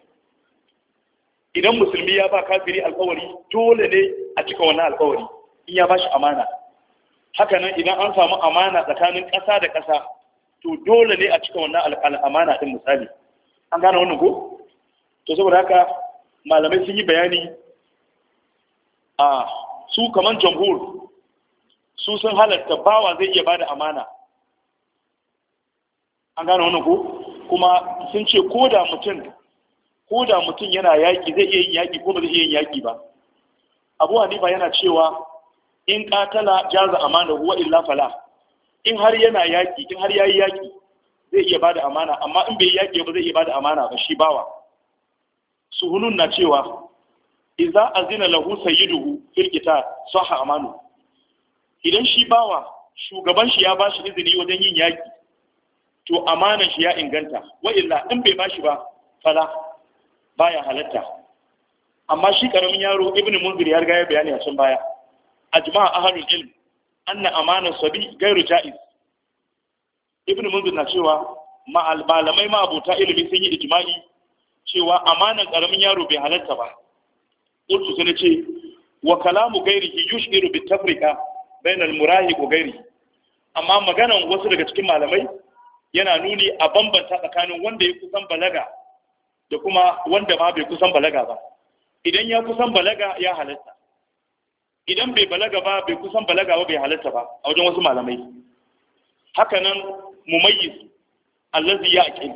idan musulmi ya ba kafiri alkawari dole ne a cika wannan alkawari in ya ba shi amana nan idan an samu amana tsakanin ƙasa da ƙasa to dole ne a cika wannan amana din misali an gane wannan ko to saboda haka malamai sun yi bayani a su kamar jamhur su sun halarta bawa zai iya bada amana an gane wani ko kuma sun ce ko da mutum ko da mutum yana yaƙi zai iya yin yaƙi ko ba zai iya yin yaƙi ba abu hanifa yana cewa in ƙatala jaza amana wa illa fala in har yana yaƙi in har yayi yaƙi zai iya bada amana amma in bai yaƙi ba zai iya bada amana ba shi bawa suhunun na cewa idza azina lahu sayyiduhu fil qital sahha amanu idan shi bawa shugaban shi ya bashi izini wajen yin yaƙi to amanan shi ya inganta wa illa in bai bashi ba fala baya halatta amma shi karamin yaro ibnu munzir ya riga ya bayani a can baya ajma'a ahlul ilm anna amana sabi gairu ja'iz ibnu munzir na cewa ma malamai ma abota ilimi sun yi ijma'i cewa amanan karamin yaro bai halatta ba urtu sai ce wa kalamu gairi yushiru bitafrika bainal murahi wa gairi amma maganan wasu daga cikin malamai yana nuni a bambanta tsakanin wanda ya kusan balaga da kuma wanda ma bai kusan balaga ba idan ya kusan balaga ya halatta idan bai balaga ba bai kusan balaga ba bai halatta ba a wajen wasu malamai Haka nan mumayyiz allazi ya aqil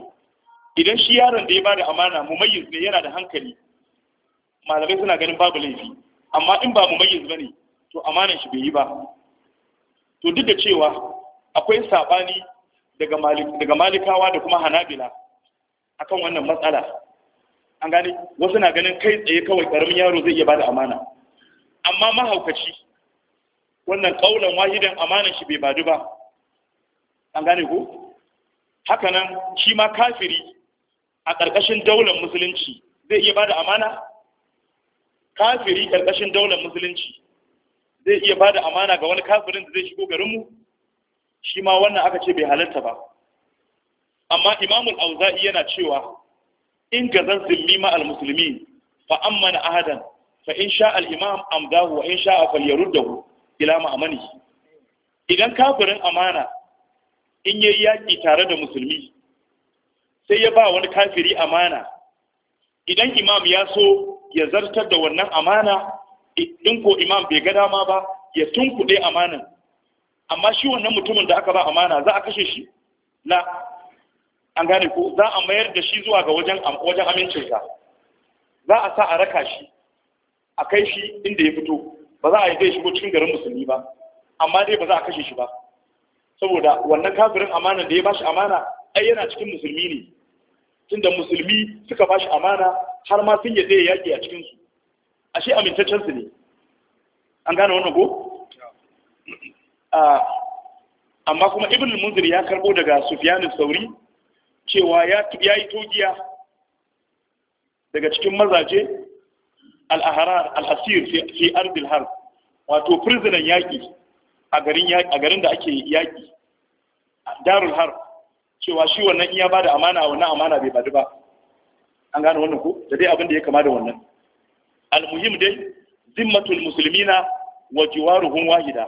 idan shi yaron da ya bada amana mumayyiz ne yana da hankali malamai suna ganin babu laifi amma in ba mumayyiz bane to amanan shi bai yi ba to duk da cewa akwai sabani daga malikawa da kuma hanabila akan wannan matsala an gani wasu na ganin kai tsaye kawai karamin yaro zai iya bada amana amma mahaukaci wannan kaunan wahidan amanan shi bai badu ba an gane ko hakanan shi ma kafiri a ƙarƙashin daular musulunci zai iya bada amana kafiri ƙarƙashin daular musulunci zai iya bada amana ga wani kafirin da zai shigo garinmu shi ma wannan aka ce bai halarta ba amma imamul auza'i yana cewa in gazan zimmi ma al-musulmi fa amana ahadan fa in sha al-imam amdahu wa in sha falyaruddahu ila ma'amani idan kafirin amana in yayi yaki tare da musulmi sai ya ba wani kafiri amana idan imam ya so ya zartar da wannan amana in ko imam bai ga dama ba ya tunkuɗe amanan amma shi wannan mutumin da aka ba amana za a kashe shi na an gane ko za a mayar da shi zuwa ga wajen wajen amincinsa za a sa a raka shi a kai shi inda ya fito ba za a yi zai shigo cikin garin musulmi ba amma dai ba za a kashe shi ba saboda wannan kafirin amana da ya bashi amana ai yana cikin musulmi ne tunda musulmi suka bashi amana har ma sun yaje yaki yaƙi a cikinsu ashe amintaccen su ne an gane wannan ko amma kuma ibn munzir ya karbo daga sufyan sauri cewa ya yi togiya daga cikin mazaje al-ahrar al-asir fi al harb wato prisoner yaki a garin a garin da ake yaki darul harb cewa shi wannan iya bada amana wannan amana bai badu ba an gane wannan ko da dai abin da ya kama da wannan al-muhim dai zimmatul muslimina wa jiwaruhum wahida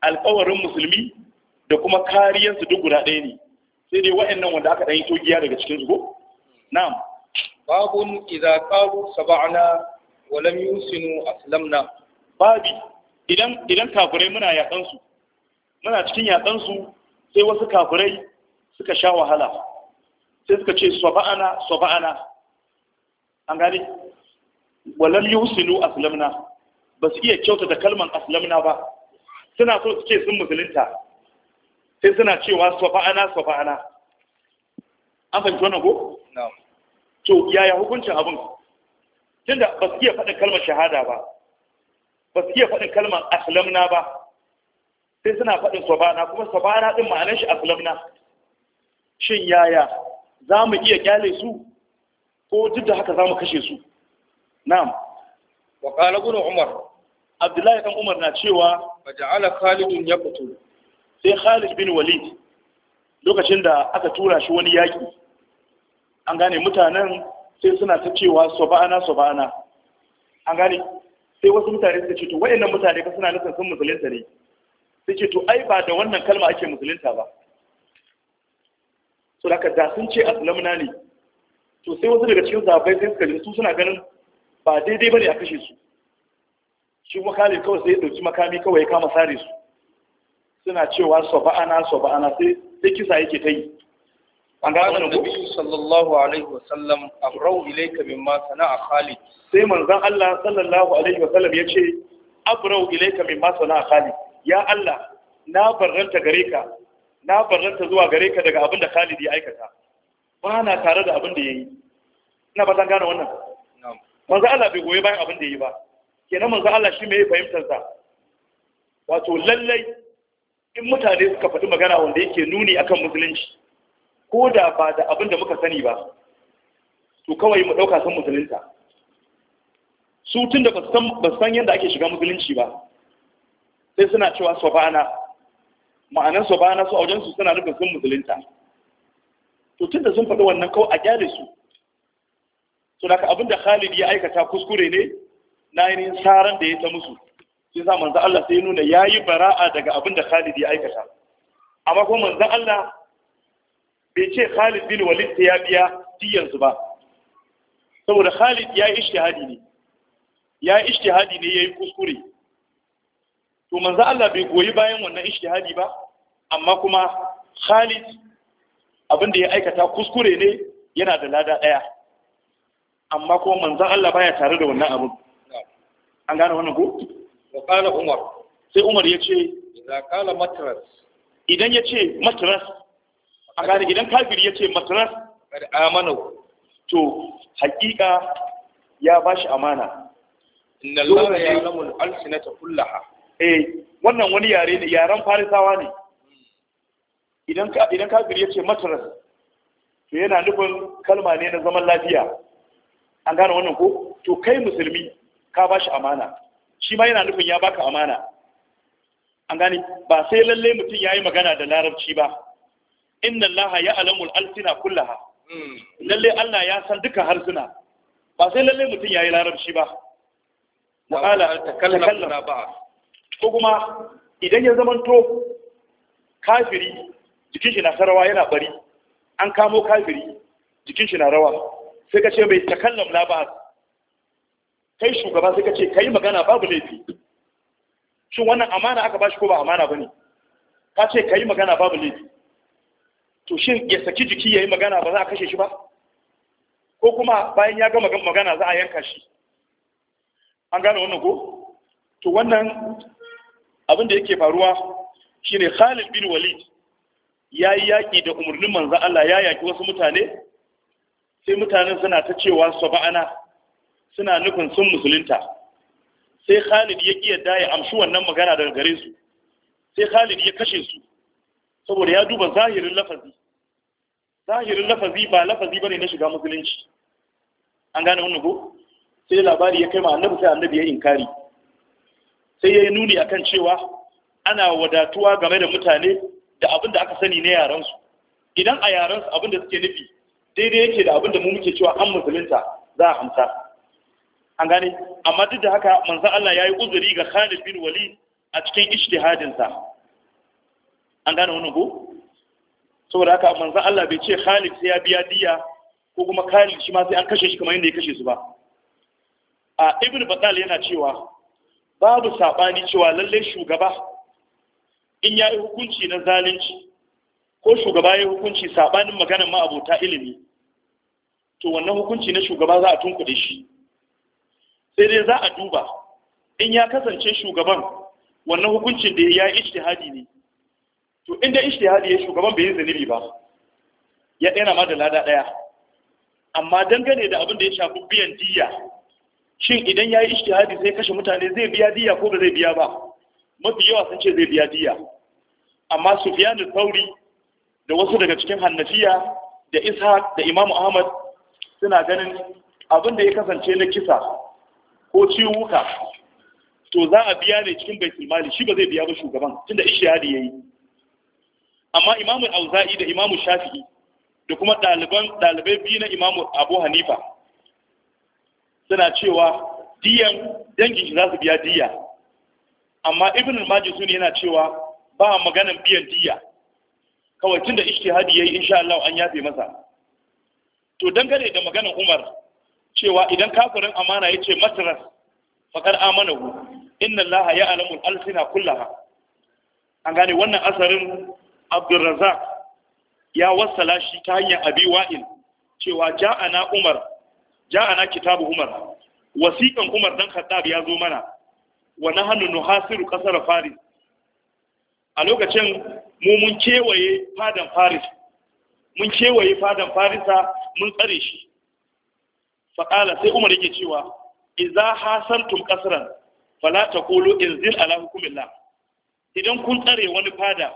alkawarin musulmi da kuma kariyarsu duk guda ɗaya ne sai dai wa'annan wanda aka ɗanyi togiya daga cikin su ko na'am babun idza qalu saba'ana wa lam yusinu aslamna babi idan idan kafirai muna yaƙansu, su muna cikin yakan su sai wasu kafirai suka sha wahala sai suka ce saba'ana, saba'ana. an gane walam lam yusinu aslamna ba su iya kyauta da kalman aslamna ba suna so su ce sun musulunta sai suna cewa swafa'ana swafa'ana an fahimci wannan ko to yaya hukuncin abin tunda ba su iya faɗin kalmar shahada ba ba su iya faɗin kalmar aslamna ba sai suna faɗin swabana kuma swabana ɗin ma'anar shi aslamna shin yaya za mu iya gyale su ko duk da haka za mu kashe su na'am wa qala umar abdullahi dan umar na cewa faja'ala khalidun fito sai khalid bin walid lokacin da aka tura shi wani yaki an gane mutanen sai suna ta cewa soba'ana soba'ana an gane sai wasu mutane suka ce to wayannan mutane ka suna nufin sun musulunta ne sai ce to ai ba da wannan kalma ake musulunta ba so da da sun ce aslamuna ne to sai wasu daga cikin sahabbai sai suka ji su suna ganin ba daidai bane a kashe su shi kuma khalid kawai sai ya ɗauki makami kawai ya kama sare su suna cewa saba'ana saba'ana sai sai kisa yake ta yi an ga wannan nabi sallallahu alaihi wasallam abrau ilayka mimma sana'a khalid sai manzon Allah sallallahu alaihi wasallam ce, abrau ilayka mimma sana'a khalid ya Allah na barranta gare ka na barranta zuwa gare ka daga abin da Khalid ya aikata ba na tare da abin da yayi ina ba zan gane wannan manzo Allah bai goyi bayan abin da yayi ba kenan manzo Allah shi mai fahimtar sa wato lallai in mutane suka faɗi magana wanda yake nuni akan musulunci ko da ba da abin da muka sani ba to kawai mu ɗauka san musulunta su tun da ba san yadda ake shiga musulunci ba sai suna cewa sobana ma'anar sobana su a su suna nufin sun musulunta to tun da sun faɗi wannan kawai a gyale su to da abin da khalid ya aikata kuskure ne na ainihin saran da ya ta musu shi sa manzo Allah sai nuna yayi bara'a daga abin da Khalid ya aikata amma kuma manzo Allah bai ce Khalid bin Walid ya biya diyan su ba saboda Khalid ya yi ishtihadi ne ya yi ishtihadi ne yayi kuskure to manzo Allah bai goyi bayan wannan ishtihadi ba amma kuma Khalid abin da ya aikata kuskure ne yana da lada daya amma kuma manzo Allah baya tare da wannan abin an gane wannan ko wakala umar sai umar ya ce zakala matras idan ya ce matras a gane idan kafiri ya ce matras amana to hakika ya ba shi amana inna eh wannan wani yare ne yaren farisawa ne hmm. idan ka idan kafir ya ce matras to yana nufin kalma ne na zaman lafiya an gane wannan ko to kai musulmi ka ba shi amana shi ma yana nufin ya baka amana an gane ba sai lalle mutum ya yi magana da larabci ba inna allaha ya alamul alsina kullaha hmm. lalle allah ya san duka harsuna ba sai lalle mutum ya yi larabci ba wa'ala ba ko kuma idan ya zamanto kafiri jikin shi na sarawa yana bari an kamo kafiri jikin shi na rawa sai ka ce mai takallam labar kai shugaba sai ka ce ka yi magana babu laifi shin wannan amana aka bashi ko ba amana ba ne ka ce ka yi magana babu laifi to shin ya saki jiki ya yi magana ba za a kashe shi ba ko kuma bayan ya gama magana za a yanka shi an gane wannan ko to wannan abin da yake faruwa shine Khalid bin Walid ya yi yaƙi da umarnin manzo Allah ya yaƙi wasu mutane sai mutanen suna ta cewa saba'ana suna nufin sun musulunta sai Khalid ya iya da ya amshi wannan magana daga gare su sai Khalid ya kashe su saboda ya duba zahirin lafazi zahirin lafazi ba lafazi bane na shiga musulunci an gane wannan ko sai labari ya kai ma annabi sai annabi ya inkari sai ya yi nuni akan cewa ana wadatuwa game da mutane da abin da aka sani na yarensu, idan a yaransu abin da suke nufi daidai yake da abin da mu muke cewa an musulunta za a hamsa an gane amma duk da haka manzo Allah ya yi uzuri ga Khalid bin Walid a cikin ijtihadinsa an gane wannan ko saboda haka manzo Allah bai ce Khalid sai ya biya diya ko kuma Khalid shi ma sai an kashe shi kamar yadda ya kashe su ba a Ibn Batal yana cewa babu sabani cewa lalle shugaba in ya yi hukunci na zalunci ko shugaba ya yi hukunci sabanin maganar abota ilimi to wannan hukunci na shugaba za a tunkuɗe shi sai dai za a duba in ya kasance shugaban wannan hukuncin da ya yi ishtihadi ne to inda ishtihadi ya shugaban bai yi zanibi ba ya ɗaya ma da lada ɗaya amma dangane da abin da ya shafi biyan diya shin idan ya yi ishtihadi sai kashe mutane zai biya diya ko ba zai biya ba mafi yawa sun ce zai biya diya amma Sufyanu sauri da wasu daga cikin hannafiya da ishaq da imamu ahmad suna ganin abin da ya kasance na kisa ko ciwuka to za a biya ne cikin baitul mali shi ba zai biya ba shugaban tunda ishtihadi yayi amma imamu auza'i da imamu shafi'i da kuma ɗaliban ɗalibai biyu na imamu abu hanifa suna cewa diyan dangin shi za su biya diya amma ibn al-majid sun yana cewa ba maganan biyan diya kawai tunda ishtihadi yayi insha Allah an yafe masa to dangane da maganan Umar cewa idan kafirin amana ya ce matras faƙar amanahu inna Allah ya alfina kullaha an gane wannan asarin abdurrazak ya wassala shi ta hanyar abi wa'in. cewa ja'ana umar ja'ana kitabu umar wasiƙan umar don khattab ya zo mana wa nahnu nuhasiru ƙasar faris a lokacin mu mun kewaye fadan faris mun kewaye fadan farisa mun tsare shi faƙala sai umar yake cewa iza hasantum kasran fala in inzil ala hukumilla idan kun tsare wani fada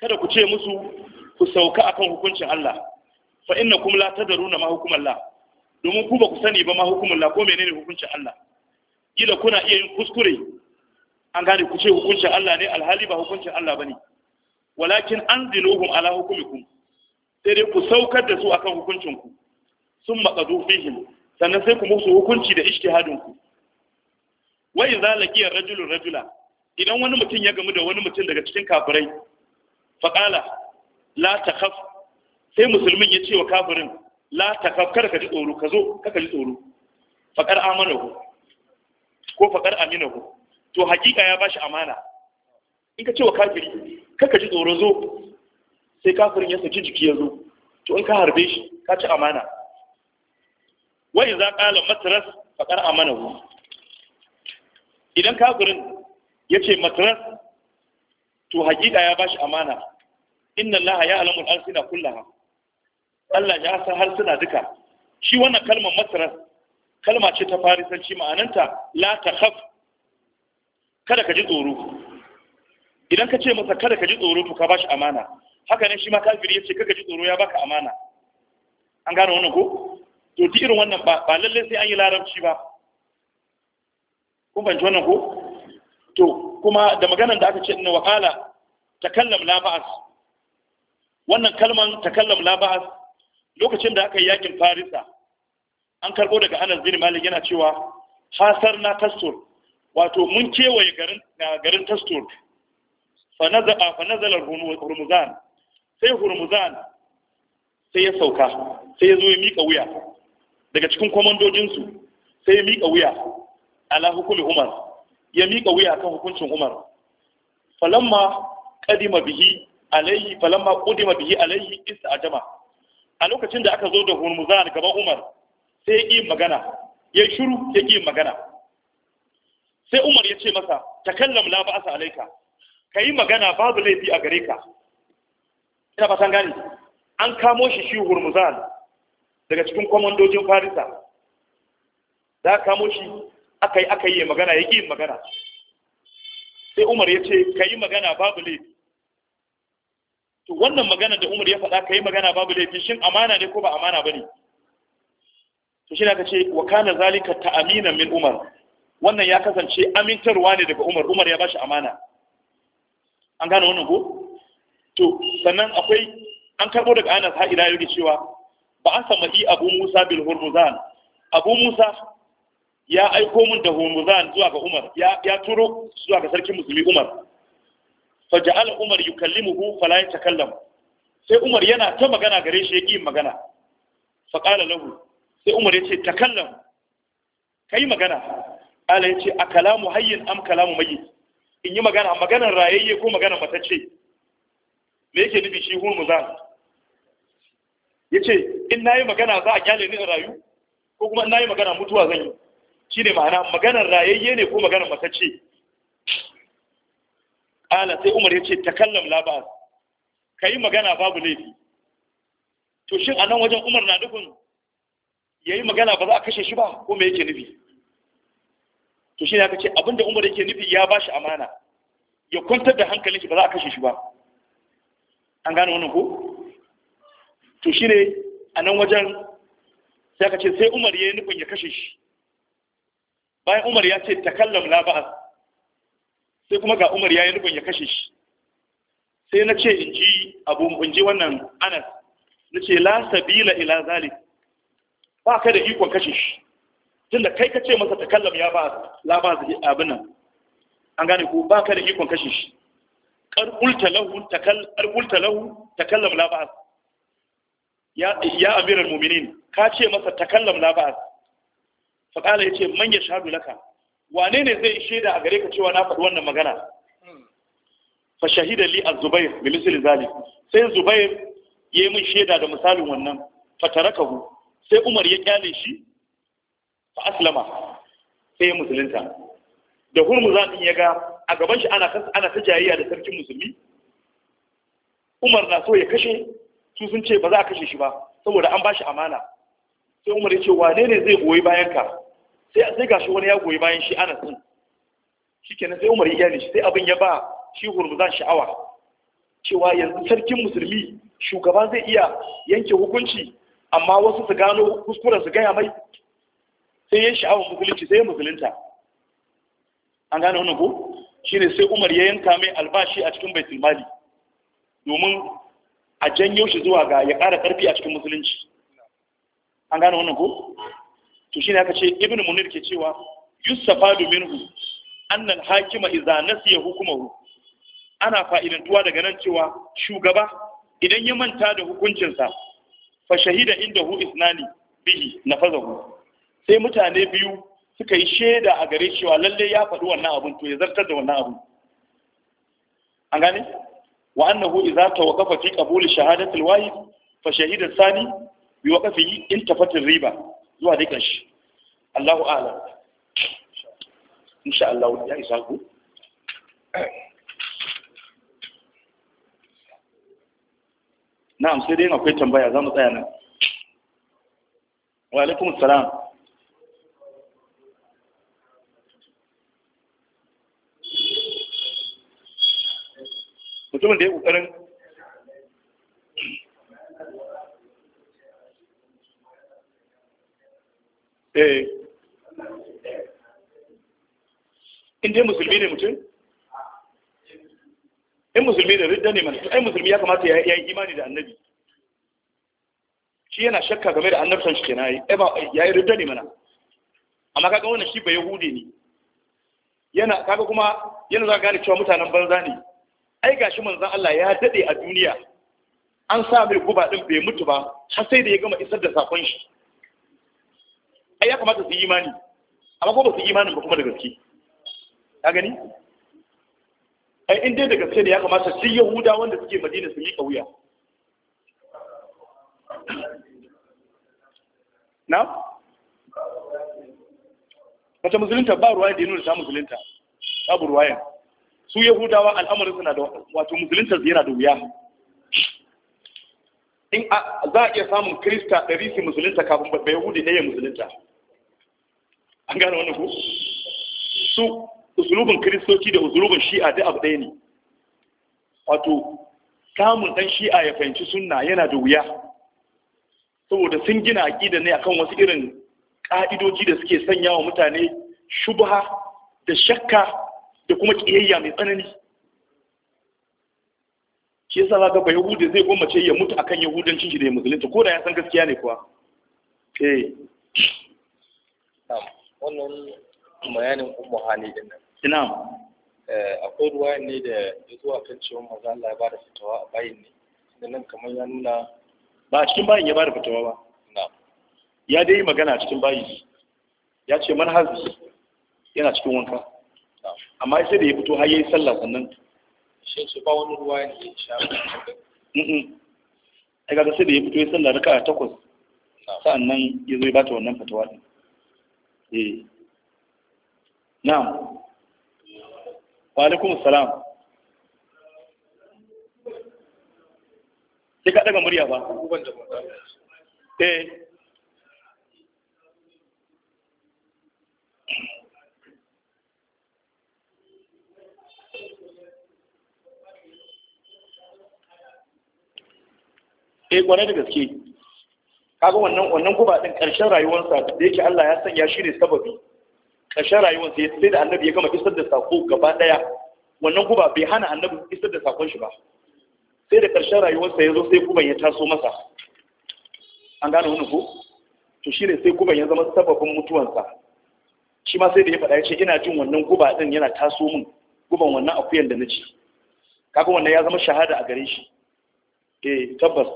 kada ku ce musu ku sauka akan hukuncin Allah fa innakum la tadruna ma hukumallah domin ku ba ku sani ba ma hukumallah ko menene hukuncin Allah kila kuna iya yin kuskure an gane ku ce hukuncin Allah ne alhali ba hukuncin Allah bane walakin anziluhum ala hukumikum sai dai ku saukar da su akan hukuncin ku sun maqadu fihim sannan sai ku musu hukunci da ijtihadin ku wa idza laqiya rajulun rajula idan wani mutum ya gamu da wani mutum daga cikin kafirai qala la takhaf sai musulmin ya ce wa kafirin la takhaf kada ka ji tsoro ka zo ka ji tsoro faqar amanahu ko faqar aminahu to hakika ya bashi amana in ka ce wa kafiri ka ji tsoro zo sai kafirin ya saki jiki ya zo to in ka harbe shi ka ci amana wa idza qala matras faqad amanahu idan kafirin ce matras to haƙiƙa ya ba shi amana inna allaha ya'lamu al-alsina kullaha Allah ya san suna duka shi wannan kalmar matras kalma ce ta farisanci ma'ananta la ta takhaf kada ka ji tsoro idan ka ce masa kada ka ji tsoro to ka ba shi amana haka ne shi ma kafiri yace kaga ji tsoro ya baka amana an gane wannan ko to irin wannan ba ba lalle sai an yi larabci ba kun fahimci wannan ko to kuma da maganar da aka ce inna wakala takallam la ba'as wannan kalman takallam la ba'as lokacin da aka yi yakin farisa an karbo daga Anas bin Malik yana cewa hasar na tastur wato mun kewaye garin garin tastur fa nazala fa nazala hurmuzan sai hurmuzan sai ya sauka sai ya zo ya mika wuya daga cikin kwamandojinsu sai ya miƙa wuya ala hukumi umar ya miƙa wuya kan hukuncin umar falamma kadima bihi alaihi falamma qudima bihi alaihi ista'jama a lokacin da aka zo da hurmuzan gaban umar sai ya ƙi magana ya shiru ya ƙi magana sai umar ya ce masa takallam la ba'asa alaika yi magana babu laifi a gare ka ina fatan gani an kamo shi shi hurmuzan daga cikin komandojin farisa za ka kamo shi aka yi aka yi magana ya ƙi magana sai umar ya ce ka yi magana babu laifi to wannan magana da umar ya faɗa ka yi magana babu laifi shin amana ne ko ba amana ba ne to shi ka ce wa kana zalika ta amina min umar wannan ya kasance amintarwa ne daga umar umar ya bashi amana an gane wannan ko to sannan akwai an karbo daga anas ha ila yau cewa ba asa ma'i abu musa bil hurmuzan abu musa ya aiko min da hurmuzan zuwa ga umar ya turo zuwa ga sarkin musulmi umar fa ja'ala umar yukallimuhu fala yatakallam sai umar yana ta magana gare shi yake yin magana fa qala lahu sai umar yace takallam kai magana ala yace akalamu hayyin am kalamu mayyit in yi magana maganar rayayye ko maganar matacce me yake nufi shi hurmuzan yace in nayi magana za a kyale ni a rayu ko kuma in nayi magana mutuwa zan yi shine ma'ana maganar rayayye ne ko maganar matacce ala sai umar yace takallam la Ka kai magana babu laifi to shin anan wajen umar na nufin yayi magana ba za a kashe shi ba ko me yake nufi to shine aka ce abinda umar yake nufi ya bashi amana ya kwantar da hankalin shi ba za a kashe shi ba an gane wannan ko to shi ne a nan wajen sai aka ce sai umar ya yi nufin ya kashe shi bayan umar ya ce takallam la ba'as sai kuma ga umar ya yi nufin ya kashe shi sai na ce in ji abu in ji wannan anas na ce la sabila ila zali ba ka da ikon kashe shi tunda kai ka ce masa takallam ya ba la ba abin nan an gane ko ba ka da ikon kashe shi karbulta lahu takallam la ba ya amiran muminin ka ce masa takallam na ba fa ya yace man yashhadu laka wane ne zai shaida a gare ka cewa na faɗi wannan magana fa shahida li az-zubair bi misli zalik sai zubair yayi min shaida da misalin wannan fa tarakahu sai umar ya kyale shi fa aslama sai ya musulunta da hurmuzan ya ga a gaban shi ana ana ta jayayya da sarkin musulmi umar na so ya kashe su sun ce ba za a kashe shi ba saboda an bashi amana sai umar ya ce wane ne zai goyi bayan ka sai sai gashi wani ya goyi bayan shi anas din shikenan sai umar ya gane shi sai abin ya ba shi hurmuzan sha'awa cewa yanzu sarkin musulmi shugaba zai iya yanke hukunci amma wasu su gano kuskuren su gaya mai sai ya sha'awar musulunci sai ya musulunta an gane wannan ko shine sai umar ya yanka mai albashi a cikin baitul mali domin a janyo shi zuwa ga ya ƙara ƙarfi a cikin musulunci an gane wannan ko to shi ne aka ce ibn munir ke cewa yusufa minhu annal hakima idza nasiya hukumahu ana fa'idantuwa daga nan cewa shugaba idan ya manta da hukuncinsa fa shahida inda hu isnani bihi nafazahu sai mutane biyu suka yi shaida a gare cewa lalle ya faɗi wannan abun to ya zartar da wannan abun an gane wa za ta tawaqqafa fi qabuli shahadati alwahid fa shahida thani bi waqfihi iltafat riba zuwa dai kanshi Allahu a'lam insha Allah ya isa ku na'am sai dai akwai tambaya za mu tsaya nan wa mutumin da ya ƙoƙarin eh inda musulmi ne mutum in musulmi da ridda ne mana ai musulmi ya kamata ya yi imani da annabi shi yana shakka game da annabtan shi kenan ya yi ridda ne mana amma kaga wannan shi bai yahude ne yana kaga kuma yana za gane cewa mutanen banza ne ai gashi manzon Allah ya dade a duniya an sa mai guba din bai mutu ba har sai da ya gama isar da sakon shi ai ya kamata su yi imani amma ko ba su yi imanin ba kuma da gaske ka gani ai in dai da gaske ne ya kamata su yahuda wanda suke madina su yi kauya na mace musulunta ba ruwaya da ya nuna ta musulunta babu ruwaya su yahudawa al'amarin suna da wato musulunta yana da wuya in za a iya samun krista ɗari su musulunta kafin ba yahudi ɗaya musulunta an gane wani ku su usulubin kiristoci da usulubin shi'a da abu ɗaya ne wato samun ɗan shi'a ya fahimci sunna yana da wuya saboda sun gina aƙida ne akan wasu irin ƙa'idoji da suke sanya wa mutane shubha da shakka da kuma kiyayya mai tsanani shi yasa za ka ba yahudi zai gwammace ya mutu akan yahudancin shi da ya musulunta ko da ya san gaskiya ne kuwa eh wannan bayanin umma hali din nan ina eh, akwai ruwa ne da ya zuwa kan cewa maza Allah ya bada fitawa a bayin ne da nan kamar ya nuna ba a cikin bayin ya bada fitawa ba na ya dai magana a cikin bayin ya ce manhaji yana cikin wanka amma sai da ya fito har yayi sallah sannan shin su ba wani ruwa ne ya sha ai ga sai da ya fito ya sallah raka'a takwas sannan ya zo ya bata wannan fatawa din eh na'am wa alaikum assalam sai ka daga murya ba eh eh gwane da gaske kaga wannan wannan guba din karshen rayuwarsa da yake Allah ya sanya shi ne sababi karshen rayuwarsa ya sai da annabi ya gama isar da sako gaba daya wannan guba bai hana annabi isar da sakon shi ba sai da karshen rayuwarsa ya zo sai guban ya taso masa an gane wani ko to shi ne sai guban ya zama sababin mutuwansa shi ma sai da ya faɗa ya ce ina jin wannan guba din yana taso min guban wannan akuyan da na ci kaga wannan ya zama shahada a gare shi eh tabbas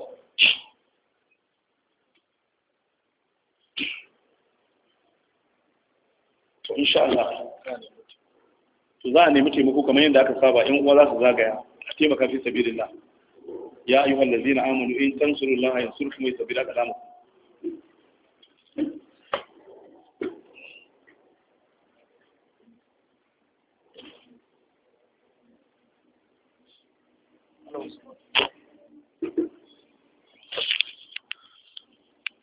insha Allah to za a nemi taimako kamar yadda aka saba in uwa za su zagaya a taimaka fi sabilillah ya ayyuhal ladzina amanu in tansurullaha yansurkum wa yusabbiru aqdamakum